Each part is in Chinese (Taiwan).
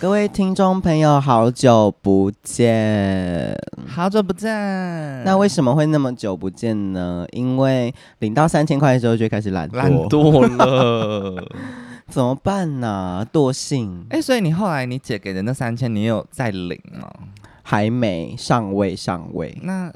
各位聽眾朋友，好久不見，好久不見。那為什麼會那麼久不見呢？因為領到三千塊的時候就開始懶惰，惰了， 怎麼辦呢、啊？惰性。哎、欸，所以你後來你姐給的那三千，你有再領嗎？還沒，上位上位。那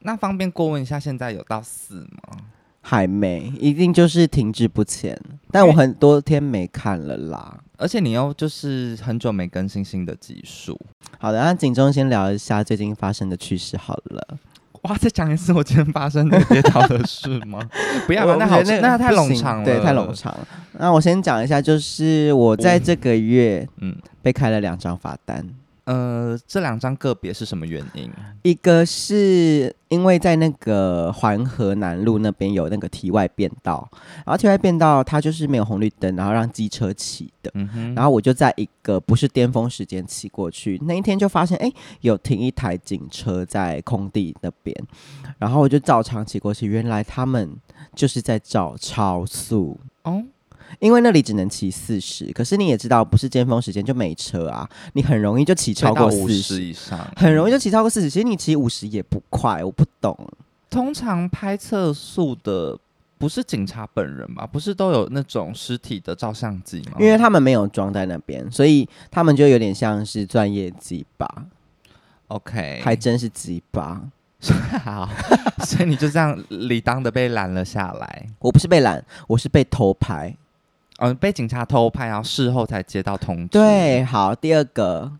那方便過問一下，現在有到四嗎？還沒，一定就是停滯不前。但我很多天沒看了啦，而且你又就是很久沒更新新的技術。好的，那、啊、警鐘先聊一下最近發生的趣事好了。哇，再講一次我今天發生的跌倒的事嗎？ 不要吧我那好那那太冗長了，對，太冗長了。那我先講一下，就是我在這個月嗯被開了兩張罰單。呃，這兩張個別是什麼原因？一個是因為在那個環河南路那邊有那個堤外便道，然後堤外便道它就是沒有紅綠燈，然後讓機車騎的。嗯、哼然後我就在一個不是巔峰時間騎過去，那一天就發現哎，有停一台警車在空地那邊，然後我就照常騎過去，原來他們就是在照超速哦。因為那裡只能騎四十，可是你也知道，不是尖峰時間就沒車啊，你很容易就騎超過五十以上，很容易就騎超過四十。其實你騎五十也不快，我不懂。通常拍測速的不是警察本人嗎？不是都有那種實體的照相機嗎？因為他們沒有裝在那邊，所以他們就有點像是專業雞巴。OK，還真是雞巴。 好， 所以你就這樣理當的被攔了下來。我不是被攔，我是被偷拍。嗯、哦，被警察偷拍，然後事後才接到通知。對，好，第二個。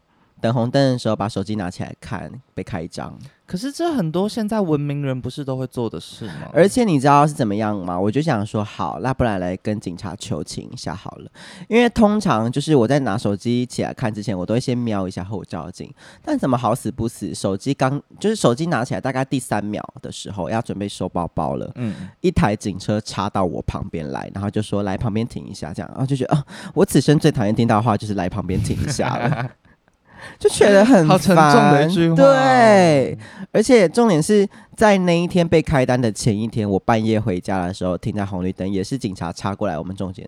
等紅燈的時候，把手機拿起來看，被開一張。可是這很多現在文明人不是都會做的事嗎？而且你知道是怎麼樣嗎？我就想說，好，那不然來跟警察求情一下好了。因為通常就是我在拿手機起來看之前，我都會先瞄一下後照鏡。但怎麼好死不死，手機剛就是手機拿起來，大概第三秒的時候要準備收包包了，嗯，一台警車插到我旁邊來，然後就說來旁邊停一下，這樣，然後就覺得哦、呃，我此生最討厭聽到的話就是來旁邊停一下了。 就覺得很好沉重的一句話，對，而且重點是在那一天被開單的前一天，我半夜回家的時候，停在紅綠燈，也是警察插過來我們中間，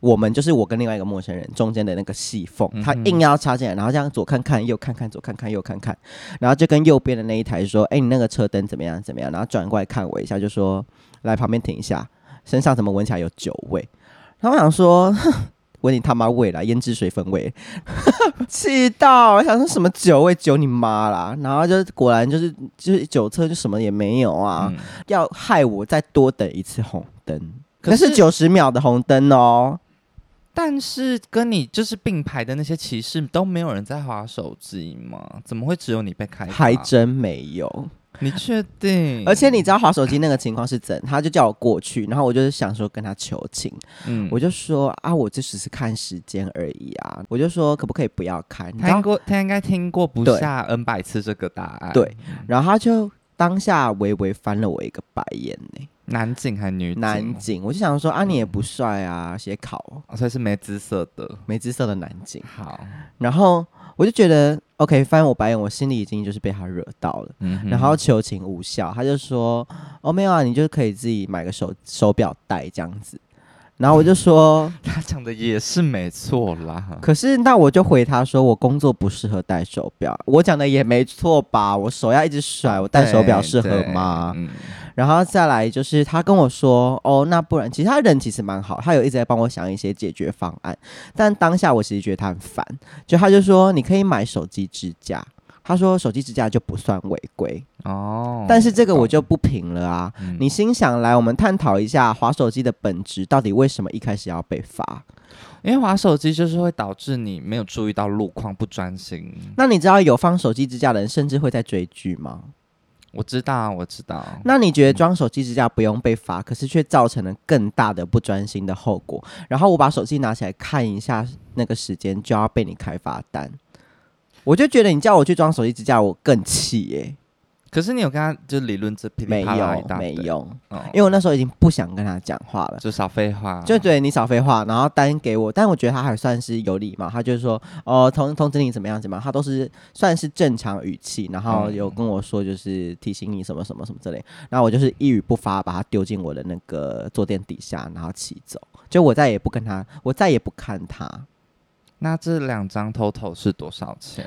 我們就是我跟另外一個陌生人中間的那個細縫，他硬要插進來，然後這樣左看看右看看左看看右看看，然後就跟右邊的那一台說：“哎、欸，你那個車燈怎麼樣怎麼樣？”然後轉過來看我一下，就說：“來旁邊停一下，身上怎麼聞起來有酒味？”然後我想說。 聞你他媽味了，胭脂水粉味，氣 到！我想說什麼酒味，酒你媽啦！然後就果然就是就是酒測，就什麼也沒有啊！嗯、要害我再多等一次紅燈，可是九十秒的紅燈哦。但是跟你就是並排的那些騎士都沒有人在滑手機嗎？怎麼會只有你被開？還真沒有。你確定？而且你知道滑手機那個情況是怎樣？他就叫我過去，然後我就是想說跟他求情，嗯、我就說啊，我這只是看時間而已啊，我就說可不可以不要看？他他應該聽過不下 N 百次這個答案，對。然後他就當下微微翻了我一個白眼呢、欸。男警還女警？男警，我就想說啊，你也不帥啊，寫、嗯、考，所以是沒姿色的，沒姿色的男警。好，然後。我就覺得 OK 翻我白眼，我心裡已經就是被他惹到了，嗯、哼然後求情無效，他就說：“哦沒有啊，你就可以自己買個手手表戴這樣子。”然後我就說：“ 他講的也是沒錯啦。”可是那我就回他說：“我工作不適合戴手表，我講的也沒錯吧？我手要一直甩，我戴手表適合嗎？”然後再來就是他跟我說，哦，那不然其他人其實蠻好，他有一直在幫我想一些解決方案。但當下我其實覺得他很煩，就他就說你可以買手機支架，他說手機支架就不算違規哦。但是這個我就不評了啊。嗯、你心想來，我們探討一下滑手機的本質到底為什麼一開始要被罰？因為滑手機就是會導致你沒有注意到路況，不專心。那你知道有放手機支架的人甚至會在追劇嗎？我知道，我知道。那你覺得裝手機支架不用被罰，可是卻造成了更大的不專心的後果。然後我把手機拿起來看一下那個時間，就要被你開罰單。我就覺得你叫我去裝手機支架，我更氣耶、欸。可是你有跟他就理論這噼啪啪啪沒有用，沒有、嗯，因為我那時候已經不想跟他講話了，就少廢話，就對你少廢話，然後單給我，但我覺得他還算是有禮貌，他就是說，哦、呃，通通知你怎麼樣子嘛，他都是算是正常語氣，然後有跟我說就是提醒你什麼什麼什麼之類，嗯、然後我就是一語不發，把他丟進我的那個坐墊底下，然後騎走，就我再也不跟他，我再也不看他。那這兩張 total 是多少錢？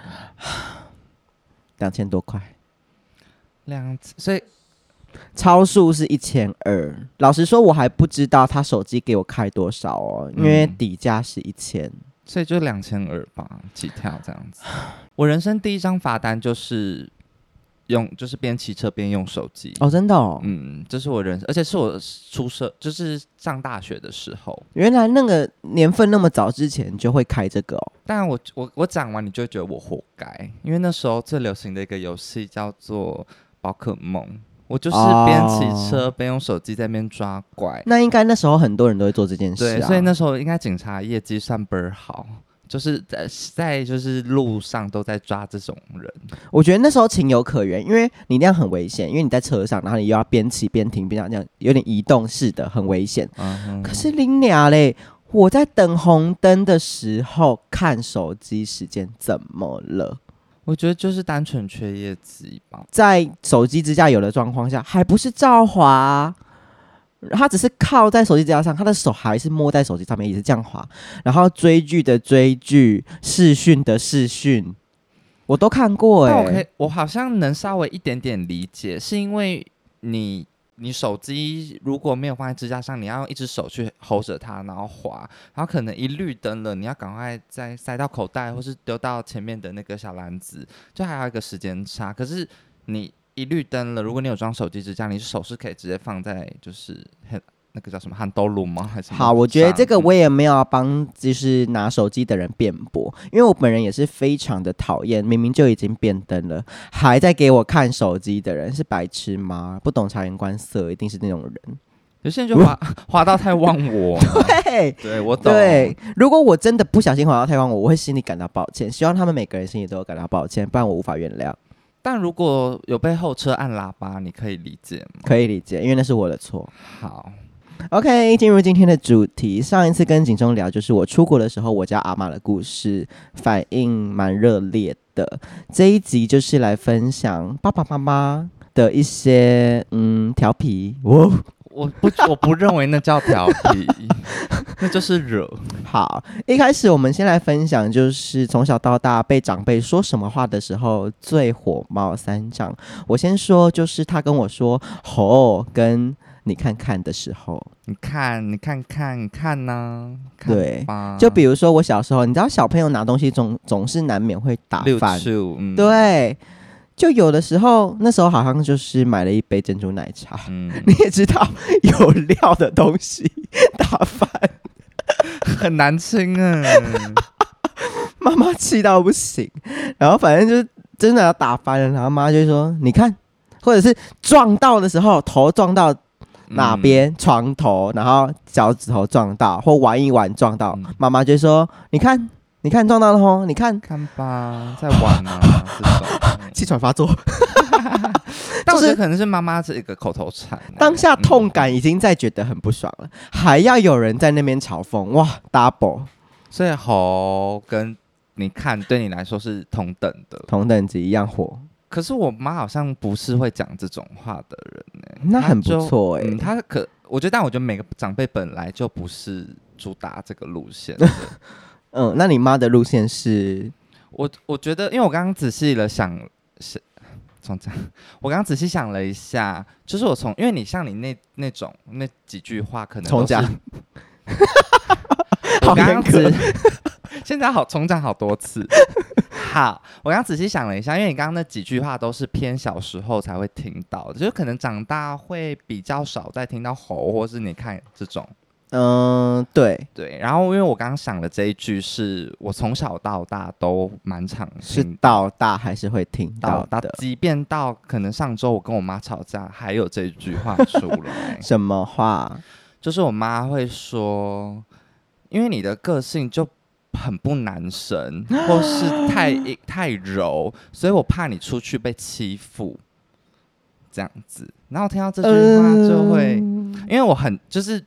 兩千多塊。兩次，所以超速是一千二。老實說，我還不知道他手機給我開多少哦、喔，嗯、因為底價是一千，所以就兩千二吧，起跳這樣子。 我人生第一張罰單就是用，就是邊騎車邊用手機哦，真的、哦，嗯，這、就是我人生，而且是我出社，就是上大學的時候。原來那個年份那麼早之前就會開這個，哦。但我我我講完你就覺得我活該，因為那時候最流行的一個遊戲叫做。寶可夢，我就是邊騎車邊用手機在那邊抓怪、哦。那應該那時候很多人都會做這件事、啊，對，所以那時候應該警察業績算倍兒好，就是在在就是路上都在抓這種人。我覺得那時候情有可原，因為你那樣很危險，因為你在車上，然後你又要邊騎邊停邊，邊那樣有點移動式的，很危險。嗯嗯，可是林娘嘞，我在等紅燈的時候看手機時間，怎麼了？我覺得就是單純缺業績吧。在手機支架有的狀況下，還不是照滑、啊。他只是靠在手機支架上，他的手還是摸在手機上面，也是這樣滑。然後追劇的追劇，視訊的視訊，我都看過哎、欸。Okay, 我好像能稍微一點點理解，是因為你。你手機如果沒有放在支架上，你要用一只手去 hold 著它，然後滑，然後可能一綠燈了，你要趕快再塞到口袋或是丟到前面的那個小籃子，就還有一個時間差。可是你一綠燈了，如果你有裝手機支架，你手是可以直接放在，就是很。那個叫什麼漢都魯嗎？還是好？我覺得這個我也沒有幫，就是拿手機的人辯駁，因為我本人也是非常的討厭，明明就已經變燈了，還在給我看手機的人是白痴嗎？不懂察言觀色，一定是那種人。有現在人就滑滑到太忘我， 對，對我懂。對，如果我真的不小心滑到太忘我，我會心裡感到抱歉。希望他們每個人心裡都有感到抱歉，不然我無法原諒。但如果有被後車按喇叭，你可以理解嗎？可以理解，因為那是我的錯。好。OK，進入今天的主題。上一次跟景中聊，就是我出國的時候，我家阿嬤的故事，反應蠻熱烈的。這一集就是來分享爸爸媽媽的一些嗯調皮。我、哦、我不我不認為那叫調皮， 那就是惹。 好，一開始我們先來分享，就是從小到大被長輩說什麼話的時候最火冒三丈。我先說，就是他跟我說“吼”跟。你看看的時候，你看你看看你看吶、啊。看，對，就比如說我小時候，你知道小朋友拿東西總總是難免會打翻，對，嗯、就有的時候那時候好像就是買了一杯珍珠奶茶，嗯、你也知道有料的東西打翻，很難清啊，媽媽氣到不行，然後反正就是真的要打翻了，然後媽就說你看，或者是撞到的時候頭撞到，哪邊床頭，然後腳趾頭撞到，或玩一玩撞到，媽媽、嗯、就說：“你看，你看撞到了吼，你看看吧，在玩啊，是不是？氣、嗯、喘發作。”當時可能是媽媽這個口頭禪，就是、當下痛感已經在覺得很不爽了，嗯、還要有人在那邊嘲諷，哇，double，所以猴跟你看對你來說是同等的，同等級一樣火。可是我媽好像不是會講這種話的人呢、欸，那很不錯哎、欸、嗯，她可我覺得，但我覺得每個長輩本來就不是主打這個路線， 嗯，那你媽的路線是，我我覺得，因為我剛剛仔細了想，是重講，我剛剛仔細想了一下，就是我從因為你像你那那種那幾句話可能從講。家 剛剛好，剛子現在好重講，好多次。 好，我剛仔細想了一下，因為你剛剛那幾句話都是偏小時候才會聽到的，就是可能長大會比較少再聽到猴，或是你看這種，嗯，對對。然後，因為我剛剛想的這一句是，是我從小到大都蠻常是到大還是會聽到的到，即便到可能上周我跟我媽吵架，還有這句話說了。 什麼話？就是我媽會說。因為你的個性就很不男神，或是太太柔，所以我怕你出去被欺負這樣子。然後聽到這句話就會，嗯、因為我很就是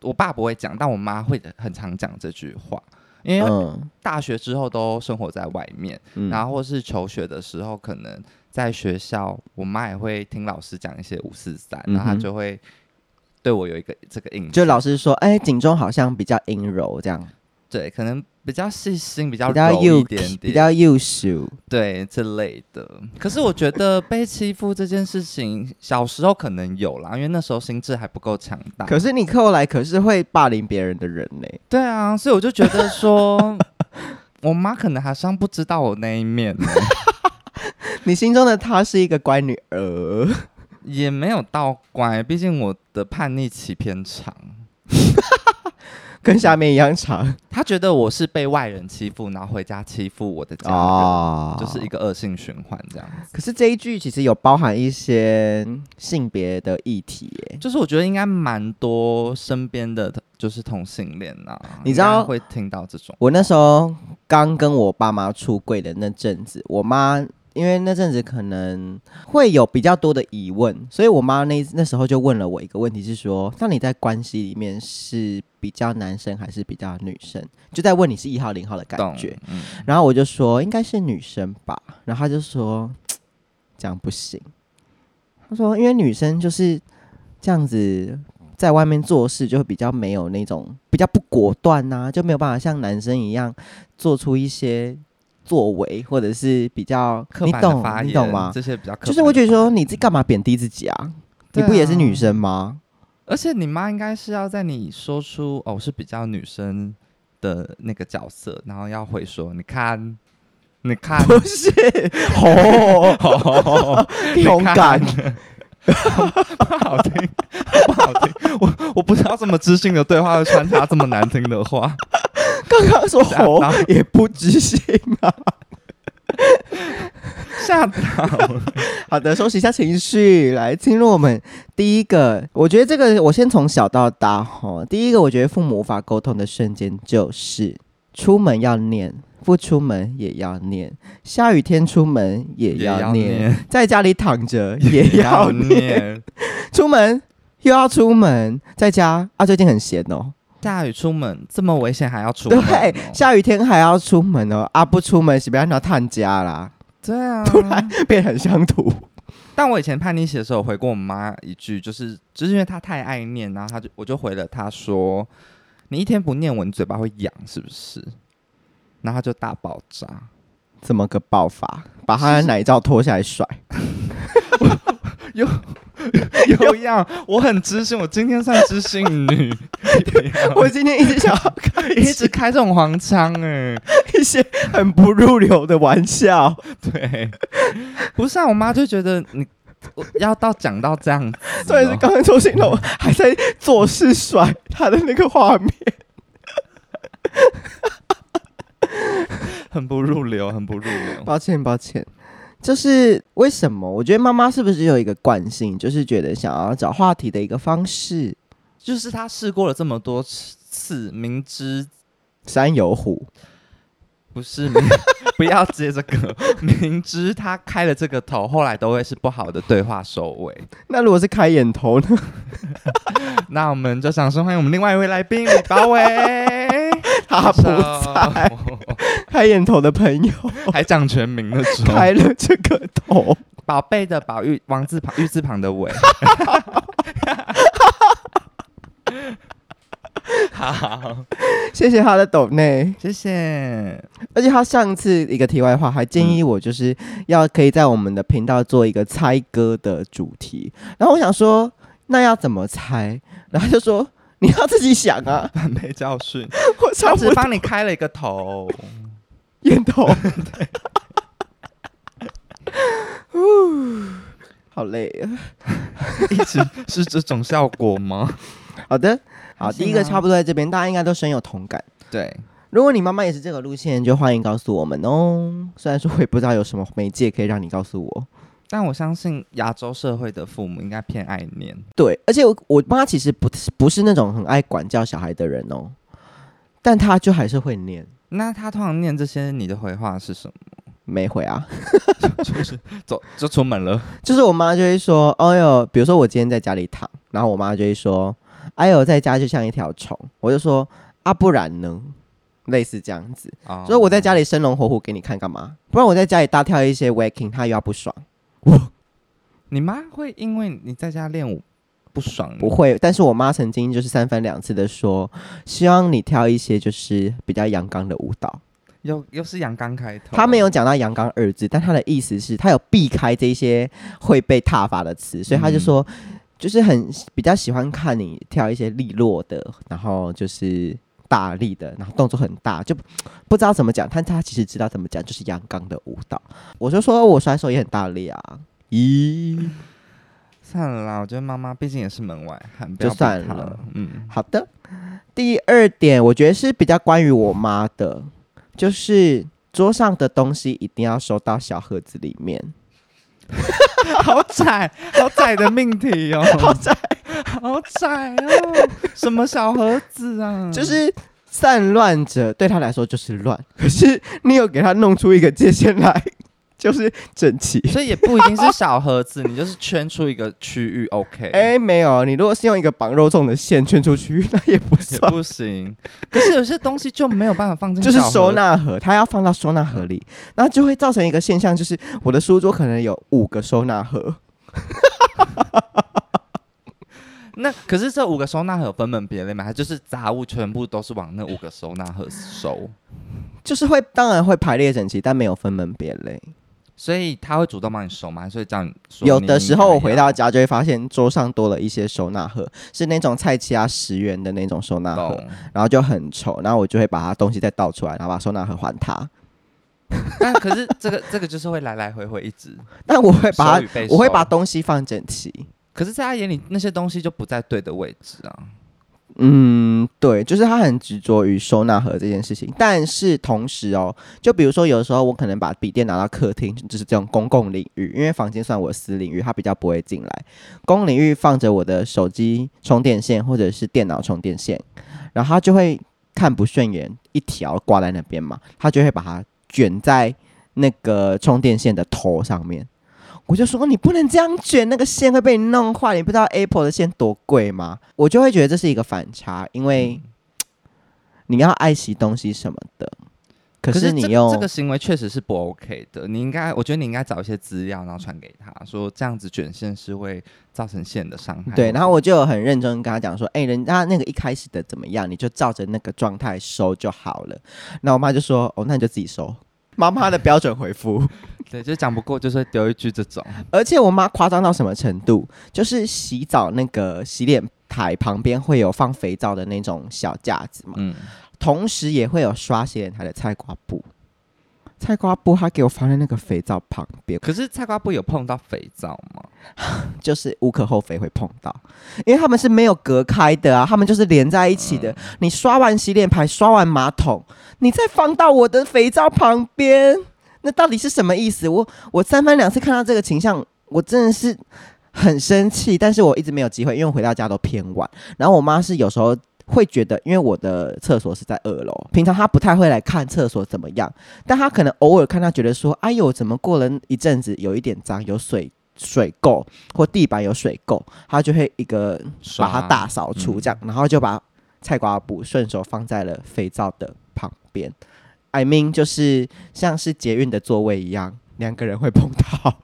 我爸不會講，但我媽會很常講這句話。因為大學之後都生活在外面，嗯、然後或是求學的時候，可能在學校，我媽也會聽老師講一些五四三，然後她就會。對，我有一個這個印象，就老師說，哎，警鍾好像比較陰柔，這樣，對，可能比較細心，比較柔一點點比較幼一點，比較幼秀，對，之類的。可是我覺得被欺負這件事情， 小時候可能有啦，因為那時候心智還不夠強大。可是你後來可是會霸凌別人的人呢、欸？對啊，所以我就覺得說， 我媽可能好像不知道我那一面、欸。 你心中的她是一個乖女兒。也沒有到乖，畢竟我的叛逆期偏長， 跟下面一樣長。 他覺得我是被外人欺負，然後回家欺負我的家人，哦、就是一個惡性循環這樣。可是這一句其實有包含一些性別的議題耶，就是我覺得應該蠻多身邊的就是同性戀吶、啊，你知道會聽到這種。我那時候剛跟我爸媽出櫃的那陣子，我媽。因為那陣子可能會有比較多的疑問，所以我媽那那時候就問了我一個問題，是說：像你在關係裡面是比較男生還是比較女生？就在問你是一號零號的感覺。嗯、然後我就說應該是女生吧。然後她就說這樣不行。她說因為女生就是這樣子，在外面做事就會比較沒有那種比較不果斷吶、啊，就沒有辦法像男生一樣做出一些。作為，或者是比較刻板的發言，你懂嗎？這些比較，就是我覺得說，你這幹嘛貶低自己啊？你不也是女生嗎？而且你媽應該是要在你說出“哦，我是比較女生”的那個角色，然後要回說：“你看，你看，不是同感，不好聽，不好聽。”我我不知道這麼知性的對話會穿插這麼難聽的話。剛剛說吼也不知心啊，嚇倒，嚇到 了。 好的，收拾一下情緒，來進入我們第一個。我覺得這個，我先從小到大哈。第一個，我覺得父母無法溝通的瞬間就是出門要念，不出門也要念，下雨天出門也要念，要念在家裡躺着也要念，要念 出門又要出門，在家啊，最近很閒哦、喔。下雨出門這麼危險還要出門，喔？對、欸，下雨天還要出門哦，喔！啊，不出門是要看到探家啦。對啊，突然變很鄉土。但我以前叛逆期的時候回過我媽一句，就是就是因為他太愛念，然後他就我就回了他說：“你一天不念我你嘴巴會癢，是不是？”然後他就大爆炸，怎麼個爆發？把他的奶罩脫下來甩。是是 有有，有樣， 有我很知性，我今天算知性女， 我今天一直想要開 一直開這種黃腔哎， 一些很不入流的玩笑，對， 不是啊，我媽就覺得你要到講到這樣，麼所以是剛剛周星龍還在做事甩他的那個畫面， 很不入流，很不入流，抱歉抱歉。抱歉就是為什麼？我覺得媽媽是不是有一個慣性，就是覺得想要找話題的一個方式，就是她試過了這麼多次，明知山有虎，不是明， 不要接這個。明知他開了這個頭，後來都會是不好的對話收尾。 那如果是開眼頭呢？ 那我們就掌聲歡迎我們另外一位來賓李高偉。 他不在，開眼頭的朋友還講全名的時候開了這個頭，寶貝的寶玉王字旁玉字旁的尾，好，謝謝他的抖內，謝謝。而且他上次一個題外話還建議我就是要可以在我們的頻道做一個猜歌的主題，然後我想說那要怎麼猜？然後就說你要自己想啊， 沒教訓。我上次幫你開了一個頭，煙 咽頭。對，好累啊！ 一直是這種效果嗎？好的，好，第一個差不多在這邊，大家應該都深有同感。對，如果你媽媽也是這個路線，就歡迎告訴我們哦。雖然說我也不知道有什麼媒介可以讓你告訴我，但我相信亞洲社會的父母應該偏愛念。對，而且我我媽其實不不是那種很愛管教小孩的人哦。但他就還是會念，那他通常念這些，你的回話是什麼？沒回啊， 就是，就出門了，就是我媽就會說，哎呦，比如說我今天在家裡躺，然後我媽就會說，哎呦，在家就像一條蟲，我就說，啊，不然呢？類似這樣子啊，所以、oh, 我在家裡生龍活虎給你看幹嘛？不然我在家裡大跳一些 waking，他又要不爽。我， 你媽會因為你在家練舞？不爽不，不會，但是我媽曾經就是三番兩次的說，希望你跳一些就是比較陽剛的舞蹈，又又是陽剛開頭。她沒有講到陽剛二字，但她的意思是她有避開這些會被撻伐的詞，所以她就說，嗯、就是很比較喜歡看你跳一些利落的，然後就是大力的，然後動作很大，就不知道怎麼講，但她其實知道怎麼講，就是陽剛的舞蹈。我就說我甩手也很大力啊，咦。 算了啦，我覺得媽媽畢竟也是門外漢，就算了。嗯，好的。第二點，我覺得是比較關於我媽的，就是桌上的東西一定要收到小盒子裡面。 好窄，好窄的命題哦！ 好窄， 好窄哦！什麼小盒子啊？就是散亂者對他來說就是亂，可是你有給他弄出一個界限來。就是整齊，所以也不一定是小盒子， 你就是圈出一個區域，OK？哎、欸，沒有，你如果是用一個綁肉粽的線圈出區域，那也不是不行。可是有些東西就沒有辦法放進去，就是收納盒，它要放到收納盒裡，嗯、那就會造成一個現象，就是我的書桌可能有五個收納盒。 那可是這五個收納盒分門別類嘛，它就是雜物全部都是往那五個收納盒收，就是會當然會排列整齊，但沒有分門別類。所以他會主動幫你收嗎？還是會這樣說。有的時候我回到家就會發現桌上多了一些收納盒，是那種菜其他十元的那種收納盒，oh. 然後就很醜，然後我就會把它東西再倒出來，然後把收納盒還他。但可是這個 這個就是會來來回回一直。但我會把我會把東西放整齊，可是在他眼裡那些東西就不在對的位置啊。嗯，對，就是他很執着於收納盒這件事情。但是同時哦，就比如說，有時候我可能把筆電拿到客廳，就是這種公共領域，因為房間算我私領域，他比較不會進來。公共領域放着我的手機充電線或者是電腦充電線，然後他就會看不順眼，一條掛在那邊嘛，他就會把它捲在那個充電線的頭上面。我就說你不能這樣捲，那個線會被你弄壞。你不知道 Apple 的線多貴嗎？我就會覺得這是一個反差，因為、嗯、你要愛惜東西什麼的。可是你用，可是這，這個行為確實是不 OK 的。你應該，我覺得你應該找一些資料，然後傳給他說，這樣子捲線是會造成線的傷害。對，然後我就有很認真跟他講說，哎，人家那個一開始的怎麼樣，你就照着那個狀態收就好了。那我媽就說，哦，那你就自己收。媽媽的標準回復， 對，就講不過，就是丟一句這種。 而且我媽誇張到什麼程度？就是洗澡那個洗臉台旁邊會有放肥皂的那種小架子嘛，嗯、同時也會有刷洗臉台的菜瓜布。菜瓜布，他給我放在那個肥皂旁邊。可是菜瓜布有碰到肥皂嗎？ 就是無可厚非會碰到，因為他們是沒有隔開的啊，他們就是連在一起的。嗯、你刷完洗臉盆、刷完馬桶，你再放到我的肥皂旁邊，那到底是什麼意思？我我三番兩次看到這個景象，我真的是很生氣。但是我一直沒有機會，因為我回到家都偏晚。然後我媽是有時候。會覺得，因為我的廁所是在二樓，平常他不太會來看廁所怎麼樣，但他可能偶爾看他覺得說，哎呦，怎麼過了一陣子有一點髒，有水水垢或地板有水垢，他就會一個把它大掃除這樣，啊、然後就把菜瓜布順手放在了肥皂的旁邊。I mean，就是像是捷運的座位一樣，兩個人會碰到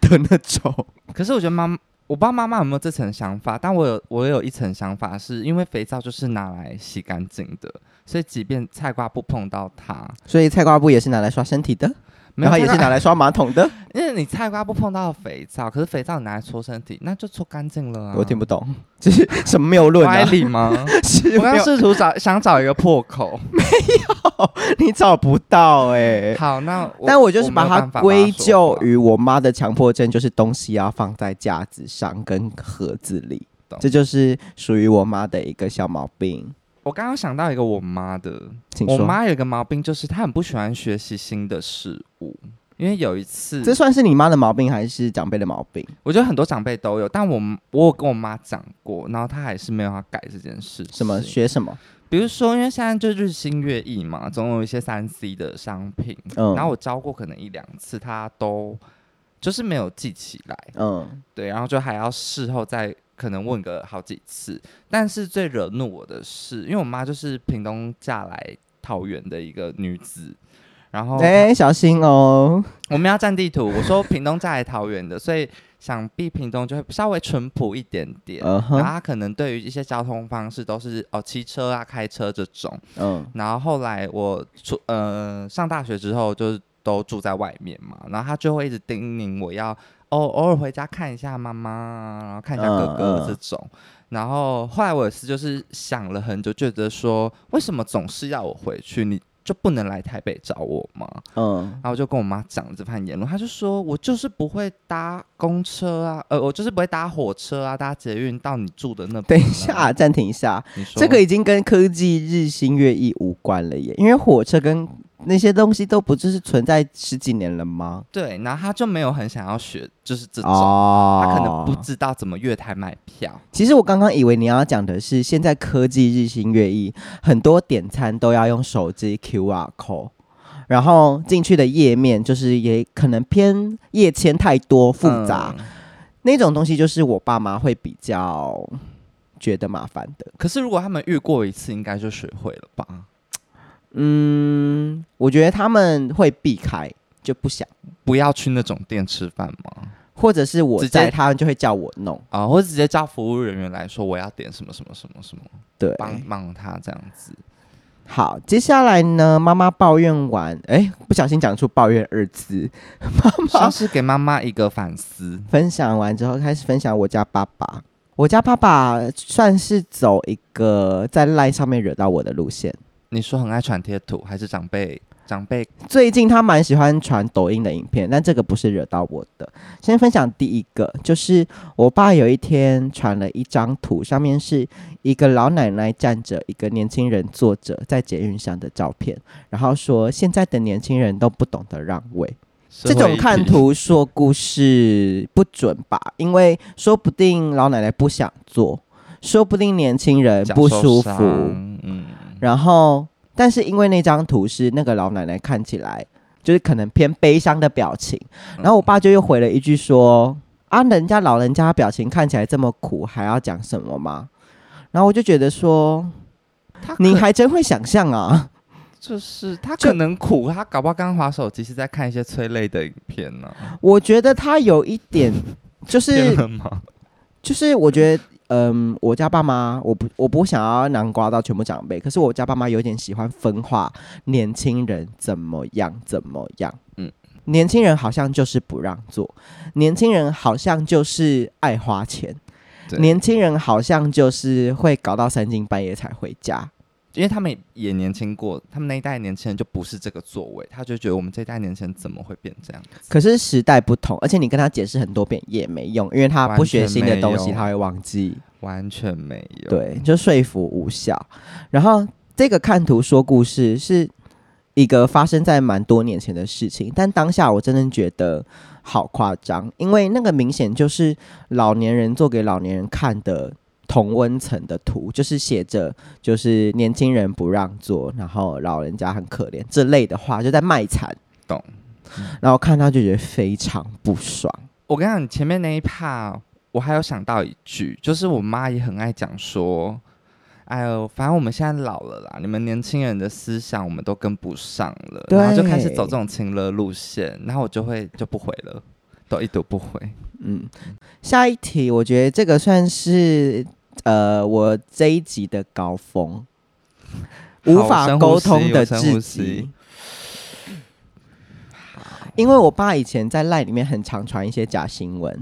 的那種。可是我覺得媽媽。我不知道媽媽有沒有這層想法，但我有，我有一層想法，是因為肥皂就是拿來洗乾淨的，所以即便菜瓜布碰到它，所以菜瓜布也是拿來刷身體的。然後也是拿來刷馬桶的，因為你菜瓜不碰到肥皂，可是肥皂你拿來搓身體，那就搓乾淨了啊！我聽不懂，這是什麼謬論啊？ 合理嗎是我要試圖找想找一個破口， 沒有，你找不到哎、欸。好，那我但我就是把它歸咎於我媽的強迫症，就是東西要放在架子上跟盒子裡，懂這就是屬於我媽的一個小毛病。我剛剛想到一個我媽的，請說。我媽有個毛病，就是她很不喜歡學習新的事物。因為有一次，這算是你媽的毛病還是長輩的毛病？我覺得很多長輩都有，但我我有跟我媽講過，然後她還是沒有要改這件事情。什麼學什麼？比如說，因為現在就是日新月異嘛，總有一些三 C 的商品。嗯。然後我教過可能一兩次，她都就是沒有記起來。嗯，對，然後就還要事後再。可能問個好幾次，但是最惹怒我的是，因為我媽就是屏東嫁來桃園的一個女子，然後哎，小心哦，我們要戰地圖。我說屏東嫁來桃園的， 所以想必屏東就會稍微淳樸一點點，uh huh. 然後她可能對於一些交通方式都是哦騎車啊、開車這種，嗯、uh huh. 然後後來我出呃上大學之後，就是都住在外面嘛，然後她就會一直叮嚀我要。偶偶爾回家看一下媽媽，看一下哥哥這種。嗯嗯、然後後來我也是就是想了很久，覺得說為什麼總是要我回去？你就不能來台北找我嗎？嗯。然後就跟我媽講這番言論，她就說我就是不會搭公車啊，呃，我就是不會搭火車啊，搭捷運到你住的那邊。等一下，暫停一下。你說。這個已經跟科技日新月異無關了耶，因為火車跟。那些東西都不就是存在十幾年了嗎？對，然後他就沒有很想要學，就是這種，哦、他可能不知道怎麼月台買票。其實我剛剛以為你要講的是，現在科技日新月異，很多點餐都要用手機 QR Code，然後進去的頁面就是也可能偏頁籤太多複雜，嗯、那種東西就是我爸媽會比較覺得麻煩的。可是如果他們遇過一次，應該就學會了吧？嗯，我覺得他們會避開，就不想不要去那種店吃飯嘛？或者是我在，他們就會叫我弄啊、哦，或者直接叫服務人員來說我要點什麼什麼什麼什麼，對，幫幫他這樣子。好，接下來呢，媽媽抱怨完，哎，不小心講出抱怨二字，媽媽，算是給媽媽一個反思。分享完之後，開始分享我家爸爸，我家爸爸算是走一個在 LINE 上面惹到我的路線。你說很愛傳貼圖，還是長輩？長輩最近他蠻喜歡傳抖音的影片，但這個不是惹到我的。先分享第一個，就是我爸有一天傳了一張圖，上面是一個老奶奶站着，一個年輕人坐着在捷運上的照片，然後說現在的年輕人都不懂得讓位。這種看圖說故事不準吧？因為說不定老奶奶不想坐，說不定年輕人不舒服。嗯。然後，但是因為那張圖是那個老奶奶看起來就是可能偏悲傷的表情，然後我爸就又回了一句說：“嗯、啊，人家老人家表情看起來這麼苦，還要講什麼嗎？”然後我就覺得說：“他你還真會想象啊，就是他可能苦，就他搞不好剛滑手機是在看一些催淚的影片呢、啊。”我覺得他有一點就是，就是我覺得。嗯，我家爸媽，我不，我不想要南瓜到全部長輩。可是我家爸媽有點喜歡分化年輕人怎麼樣怎麼樣？嗯，年輕人好像就是不讓座，年輕人好像就是愛花錢，對年輕人好像就是會搞到三更半夜才回家。因為他們也年輕過，他們那一代年輕人就不是這個作為。他就覺得我們這代年輕人怎麼會變這樣？可是時代不同，而且你跟他解釋很多遍也沒用，因為他不學新的東西，他會忘記完，完全沒有。對，就說服無效。然後這個看圖說故事是一個發生在蠻多年前的事情，但當下我真的覺得好誇張，因為那個明顯就是老年人做給老年人看的。同溫層的圖就是寫着“就是年輕人不讓座，然後老人家很可憐”這類的話，就在賣慘，懂。然後看到就覺得非常不爽。我跟你講，你前面那一 part 我還有想到一句，就是我媽也很愛講說：“哎呦，反正我們現在老了啦，你們年輕人的思想我們都跟不上了，對然後就開始走這種情勒路線，然後我就會就不回了。”都一讀不回，嗯，下一題，我覺得這個算是呃，我這一集的高峰，無法溝通的窒息。好，因為我爸以前在賴裡面很常傳一些假新聞，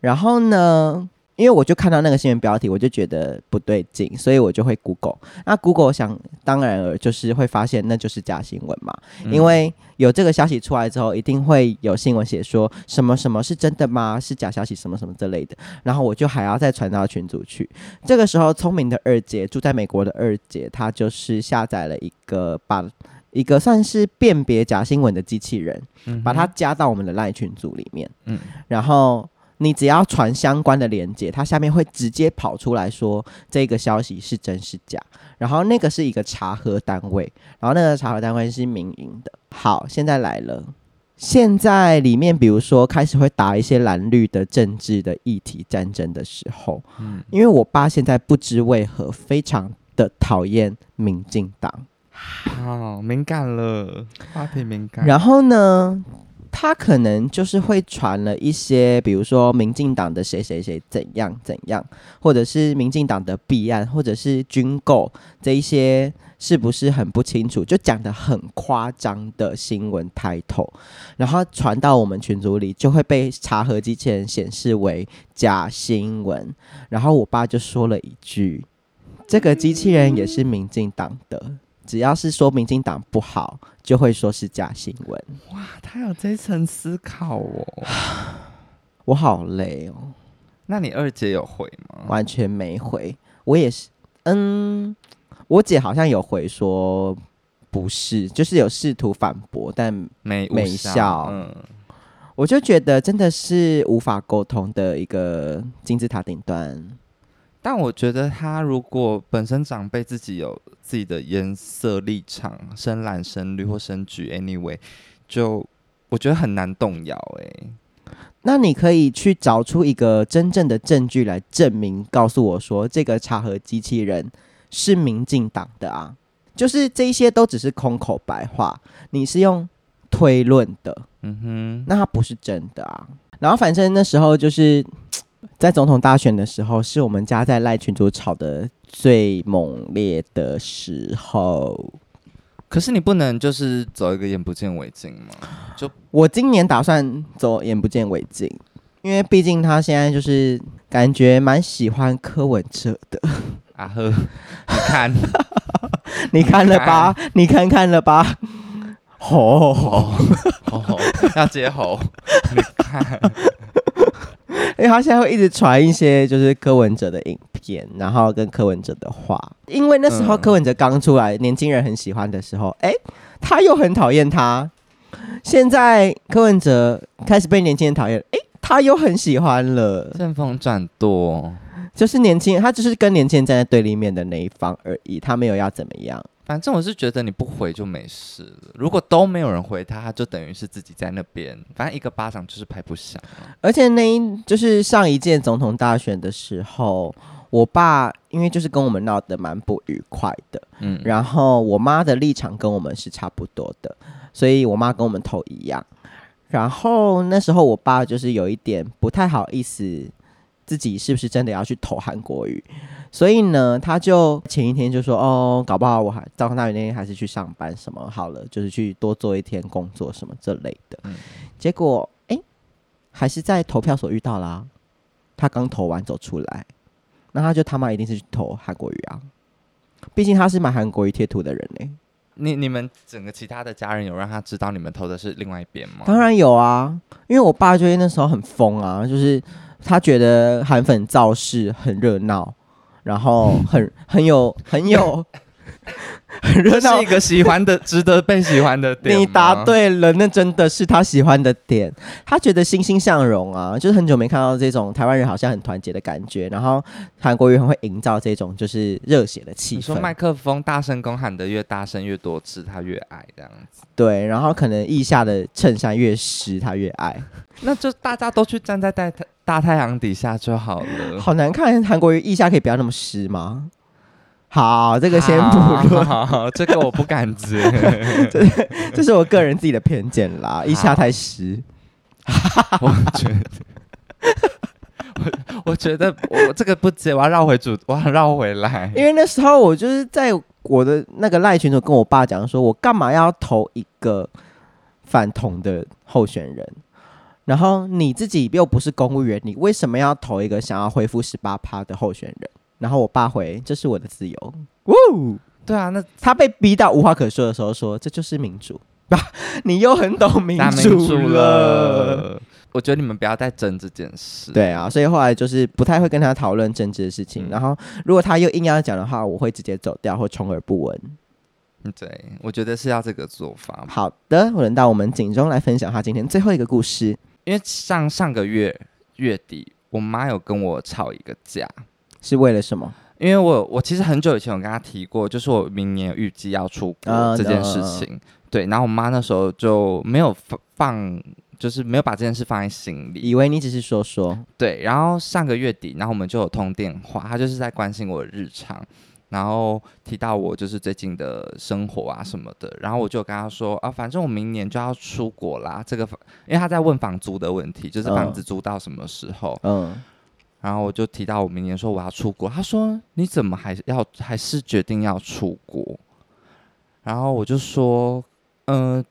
然後呢。因為我就看到那個新聞標題，我就覺得不對勁，所以我就會 Google。那 Google 想當然就是會發現那就是假新聞嘛。嗯、因為有這個消息出來之後，一定會有新聞寫說什麼什麼是真的嗎？是假消息什麼什麼之類的。然後我就還要再傳到群組去。這個時候，聰明的二姐，住在美國的二姐，她就是下載了一個把一個算是辨別假新聞的機器人，嗯、哼把它加到我們的賴群組裡面。嗯，然後。你只要傳相關的連結，它下面會直接跑出來說這個消息是真是假，然後那個是一個查核單位，然後那個查核單位是民營的。好，現在來了，現在裡面比如說開始會打一些藍綠的政治的議題戰爭的時候，嗯、因為我爸現在不知為何非常的討厭民進黨，好、哦、敏感了，話題敏感。然後呢，他可能就是會傳了一些，比如說民進黨的誰誰誰怎樣怎樣，或者是民進黨的弊案，或者是軍購這一些，是不是很不清楚？就講得很誇張的新聞抬頭，然後傳到我們群組裡，就會被查核機器人顯示為假新聞。然後我爸就說了一句：“這個機器人也是民進黨的。”只要是說民進黨不好，就會說是假新聞。哇，他有這層思考哦。 我好累哦。那你二姐有回嗎？完全沒回。我也是。嗯，我姐好像有回說不是，就是有試圖反駁，但沒沒笑。沒嗯，我就覺得真的是無法溝通的一個金字塔頂端。但我覺得他如果本身長輩自己有自己的顏色立場，深藍、深綠或深橘，anyway，就我覺得很難動搖哎。那你可以去找出一個真正的證據來證明，告訴我說，這個查核機器人是民進黨的啊，就是這些都只是空口白話，你是用推論的，嗯哼，那他不是真的啊。然後反正那時候就是。在總統大選的時候，是我們家在賴群組吵得最猛烈的時候。可是你不能就是走一個眼不見為淨嗎？就我今年打算走眼不見為淨，因為畢竟他現在就是感覺蠻喜歡柯文哲的。啊呵，你看， 你看了吧？你看,你看看了吧？吼吼吼！要接吼，你看。 因為他現在會一直傳一些就是柯文哲的影片，然後跟柯文哲的話，因為那時候柯文哲剛出來，嗯、年輕人很喜歡的時候，哎、欸，他又很討厭他。現在柯文哲開始被年輕人討厭，哎、欸，他又很喜歡了。陣風轉舵，就是年輕人，他只是跟年輕人站在對立面的那一方而已，他沒有要怎麼樣。反正我是覺得你不回就沒事了。如果都沒有人回他，他就等於是自己在那邊，反正一個巴掌就是拍不響。而且那一，一就是上一屆總統大選的時候，我爸因為就是跟我們鬧得蠻不愉快的，嗯，然後我媽的立場跟我們是差不多的，所以我媽跟我們投一樣。然後那時候我爸就是有一點不太好意思，自己是不是真的要去投韓國瑜？所以呢，他就前一天就說：“哦，搞不好我還照常那天還是去上班什麼好了，就是去多做一天工作什麼這類的。嗯”結果哎、欸，還是在投票所遇到啦。他剛投完走出來，那他就他媽一定是去投韓國瑜啊！畢竟他是買韓國瑜貼圖的人呢、欸。你你們整個其他的家人有讓他知道你們投的是另外一邊嗎？當然有啊，因為我爸就那時候很瘋啊，就是他覺得韓粉造勢很熱鬧。然後很很有很有 很熱血，是一個喜歡的、 值得被喜歡的點。你答對了，那真的是他喜歡的點。他覺得欣欣向榮啊，就是很久沒看到這種台灣人好像很團結的感覺。然後韓國瑜很會營造這種就是熱血的氣氛。你說麥克風大聲公喊得越大聲、越多次，他越愛這樣子。對，然後可能腋下的襯衫越濕，他越愛。 那就大家都去站在戴他。大太陽底下就好了，好難看。韓國瑜腋下可以不要那麼濕嗎？好，這個先不論。這個我不敢接，這、 就是就是我個人自己的偏見啦。好腋下太濕， 我覺得 我，我覺得我，我這個不接，我要繞回主，我要繞回來。因為那時候我就是在我的那個 LINE 群組跟我爸講，說我干嘛要投一個反同的候選人？然後你自己又不是公務員，你為什麼要投一個想要恢復十八趴的候選人？然後我爸回：“這是我的自由。”嗚，對啊，那他被逼到無話可說的時候說：“這就是民主。 ”你又很懂民主，民主了。我覺得你們不要再爭這件事。對啊，所以後來就是不太會跟他討論政治的事情。嗯、然後如果他又硬要講的話，我會直接走掉或充耳不聞。嗯，對，我覺得是要這個做法。好的，輪到我們警中來分享他今天最後一個故事。因為上上個月月底，我媽有跟我吵一個架，是為了什麼？因為我我其實很久以前我跟她提過，就是我明年預計要出國這件事情。Uh, no, no. 對，然後我媽那時候就沒有放，就是沒有把這件事放在心裡，以為你只是說說。對，然後上個月底，然後我們就有通電話，她就是在關心我的日常。然後提到我就是最近的生活啊什麼的，然後我就跟他說啊，反正我明年就要出國啦。這個，因為他在問房租的問題，就是房子租到什麼時候。嗯。Uh, uh. 然後我就提到我明年說我要出國，他說你怎麼還要還是決定要出國？然後我就說，嗯、呃，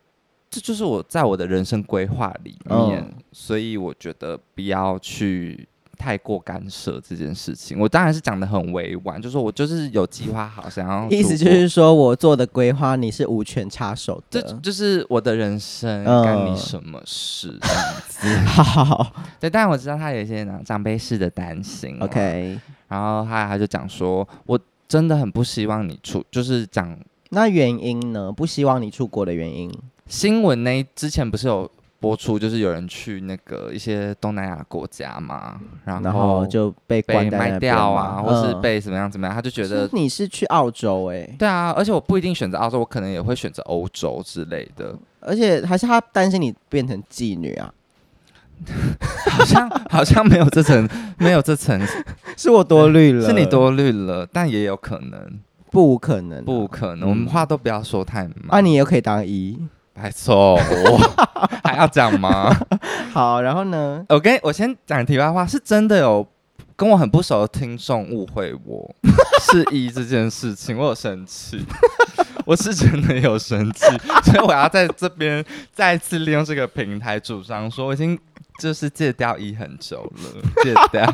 這就是我在我的人生規劃裡面，uh. 所以我覺得不要去。.太過干涉這件事情，我當然是講得很委婉，就是我就是有計劃好想要。意思就是說我做的規劃你是無權插手，這就是我的人生、呃、干你什麼事這樣子？ 好，好，好，對，但我知道他有一些長長輩式的擔心。OK，然後他他就講說，我真的很不希望你出，就是講那原因呢，不希望你出國的原因，新聞呢之前不是有。播出就是有人去那個一些東南亞國家嘛，然後就被關賣掉啊，或是被怎麼樣怎麼樣，他就覺得、嗯、是你是去澳洲哎、欸，對啊，而且我不一定選擇澳洲，我可能也會選擇歐洲之類的。而且還是他擔心你變成妓女啊， 好像好像沒有這層， 沒有這層， 是我多慮了、嗯，是你多慮了，但也有可能，不可能，啊、不可能，不可能，我們話都不要說太滿，啊，你也可以當一。還錯、哦、 還要講嗎？ 好，然後呢？我 k、okay，我先講題外話，話，是真的有跟我很不熟的聽眾誤會我質疑 這件事情，我有生氣， 我是真的有生氣，所以我要在這邊再次利用這個平台主張說，我已經。就是戒掉一很久了， 戒掉，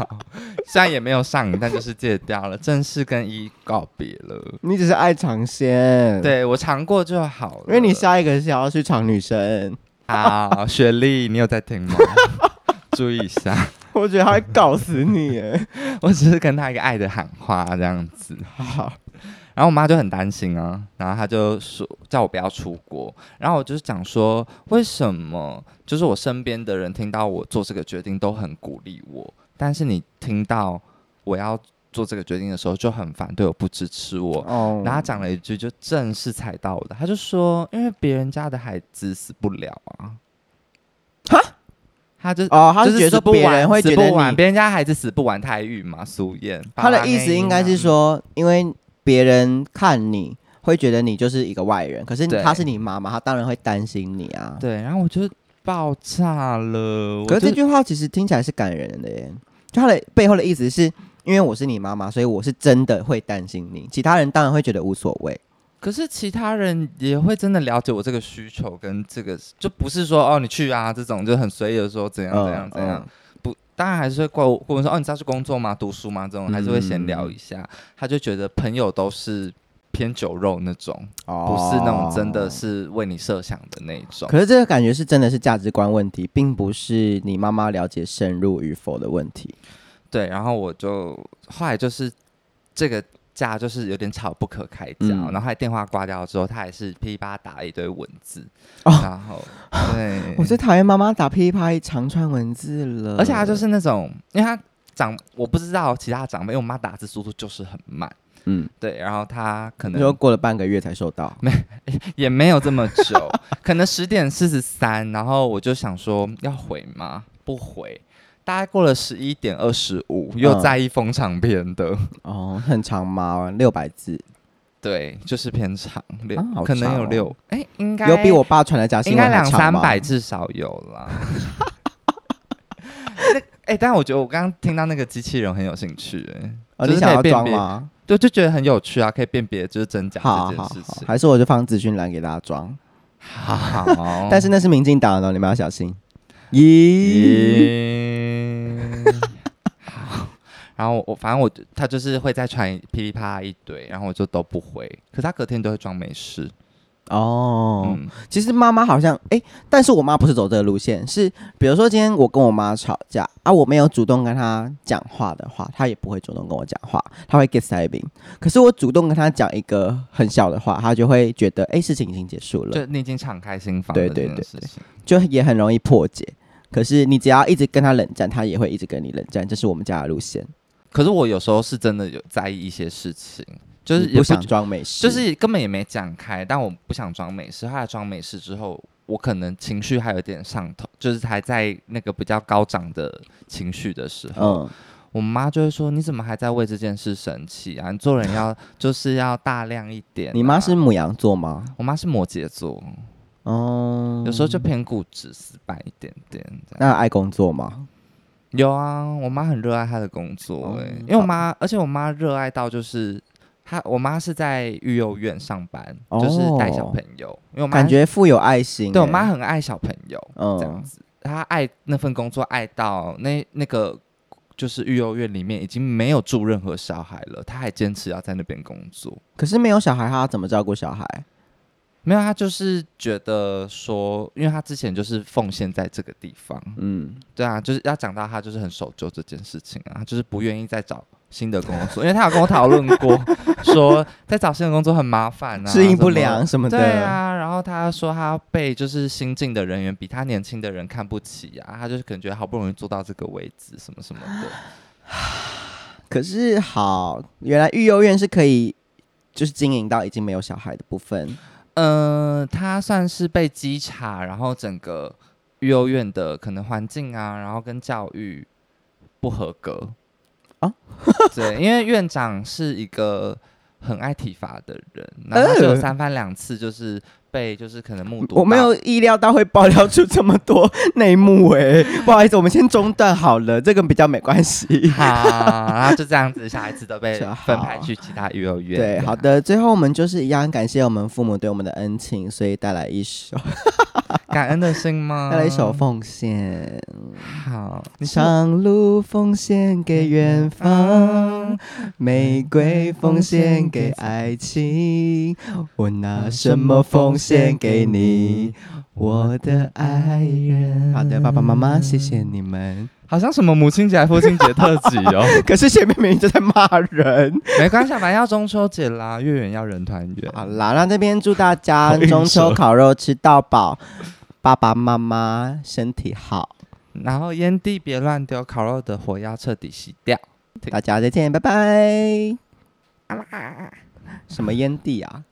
現在也沒有上癮，但就是戒掉了，正式跟一告別了。你只是愛嘗鮮，對，我嘗過就好了，因為你下一個是要去嘗女生。好， 雪莉，你有在聽嗎？ 注意一下，我覺得他會搞死你耶。 我只是跟他一個愛的喊話這樣子，好。然後我媽就很擔心啊，然後她就說叫我不要出國。然後我就是講說，為什麼就是我身邊的人聽到我做這個決定都很鼓勵我，但是你聽到我要做這個決定的時候就很反對，我不支持我。Oh. 然後她講了一句，就正式踩到我的，她就說：“因為別人家的孩子死不了啊！”哈，Huh? 她就哦，她、oh, 就是，是覺得不別人會覺得死不完，別人家的孩子死不完，台語嘛。蘇燕，她的意思應該是說，因為。別人看你會覺得你就是一個外人，可是她是你媽媽，她對當然會擔心你啊。對，然後我就爆炸了。可是這句話其實聽起來是感人的耶，就他的背後的意思是因為我是你媽媽，所以我是真的會擔心你。其他人當然會覺得無所謂，可是其他人也會真的了解我這個需求跟這個，就不是說哦你去啊這種就很隨意的說怎樣怎樣怎樣，嗯。嗯大家、啊、還是會過過問說哦，你知道是工作嗎？讀書嗎？這種還是會閒聊一下。他就覺得朋友都是偏酒肉那種，哦、不是那種真的是為你設想的那一種。可是這個感覺是真的是價值觀問題，並不是你媽媽了解深入與否的問題。對，然後我就後來就是這個。架就是有點吵不可開交，嗯、然後他電話掛掉之後，他也是噼裡啪啦打了一堆文字，哦、然後對，我最討厭媽媽打噼裡啪啦一長串文字了，而且他就是那種，因為他長我不知道其他長輩，因為我媽打字速度就是很慢，嗯，對，然後他可能又過了半個月才收到，沒也沒有這麼久， 可能十點四十三，然後我就想說要回嗎？不回。大概過了十一點二十五，又在一封長篇的、嗯、哦，很長嗎？六百字，對，就是偏長，六、啊好長哦、可能有六，哎、欸，應該有比我爸傳的假新聞應該兩三百至少有啦。哈哈哈哈哈。哎，但我覺得我剛剛聽到那個機器人很有興趣、欸，哎、啊，就是可以裝嗎？對，就,就覺得很有趣啊，可以辨別就是真假這件事情。好,好好好，還是我就放資訊欄給大家裝。好,好,好， 但是那是民進黨的，你們要小心。咦，然後我反正我就，她就是會再傳噼裡啪啦一堆，然後我就都不回。可她隔天都會裝沒事。哦，嗯、其實媽媽好像哎、欸，但是我媽不是走這個路線，是比如說今天我跟我媽吵架啊，我沒有主動跟她講話的話，她也不會主動跟我講話，她會 get sad。可是我主動跟她講一個很小的話，她就會覺得哎、欸，事情已經結束了，就你已經敞開心房，對對對，就也很容易破解。可是你只要一直跟他冷戰，他也會一直跟你冷戰，這是我們家的路線。可是我有時候是真的有在意一些事情，就是有不，不想裝沒事，就是根本也沒講開。但我不想裝沒事，後來裝沒事之後，我可能情緒還有點上頭，就是還在那個比較高漲的情緒的時候。嗯，我媽就會說：“你怎麼還在為這件事生氣啊？你做人要 就是要大量一點啊。”你媽是牡羊座嗎？我媽是摩羯座。哦，嗯、有時候就偏固執、死板一點點。那愛工作嗎？有啊，我媽很熱愛她的工作、欸。哎、哦，因為我媽，好而且我媽熱愛到就是她，我媽是在育幼院上班，哦、就是帶小朋友。因為我媽感覺富有愛心、欸，對我媽很愛小朋友這樣子。嗯、她愛那份工作，愛到那那個就是育幼院裡面已經沒有住任何小孩了，她還堅持要在那邊工作。可是沒有小孩，她要怎麼照顧小孩？沒有，他就是覺得說，因為他之前就是奉獻在這個地方，嗯，對啊，就是要講到他就是很守舊這件事情啊，就是不願意再找新的工作，嗯、因為他有跟我討論過， 說在找新的工作很麻煩、啊，適應不良什麼，什麼，什麼的。對啊，然後他說他被就是新進的人員比他年輕的人看不起啊，他就是感覺好不容易做到這個位置什麼什麼的。可是好，原來育幼院是可以就是經營到已經沒有小孩的部分。嗯、呃，他算是被稽查，然後整個育幼院的可能環境啊，然後跟教育不合格啊， 對，因為院長是一個，很愛體罰的人，那只有三番兩次就是被就是可能目睹、呃。我沒有意料到會爆料出這麼多內幕，哎、欸， 不好意思，我們先中斷好了，這個比較沒關係。啊好 然後就這樣子，小孩子都被分派去其他幼兒園、啊。對，好的，最後我們就是一樣，感謝我們父母對我們的恩情，所以帶來一首。 感恩的心嗎？再來一首奉獻。好，長路奉獻給遠方，啊、玫瑰奉獻給愛情。我拿、啊、什麼奉獻給你，啊、我的愛人？好的，爸爸媽媽，謝謝你們。好像什麼母親節、父親節特輯哦。 可是前面明明一直在罵人，沒關係，反正要中秋節啦，月圓要人團圓。 好啦，那這邊祝大家中秋烤肉吃到飽。爸爸媽媽身體好，然後烟蒂別亂丟，烤肉的火要徹底熄掉。停大家再見，拜拜。啊、啦什麼烟蒂啊？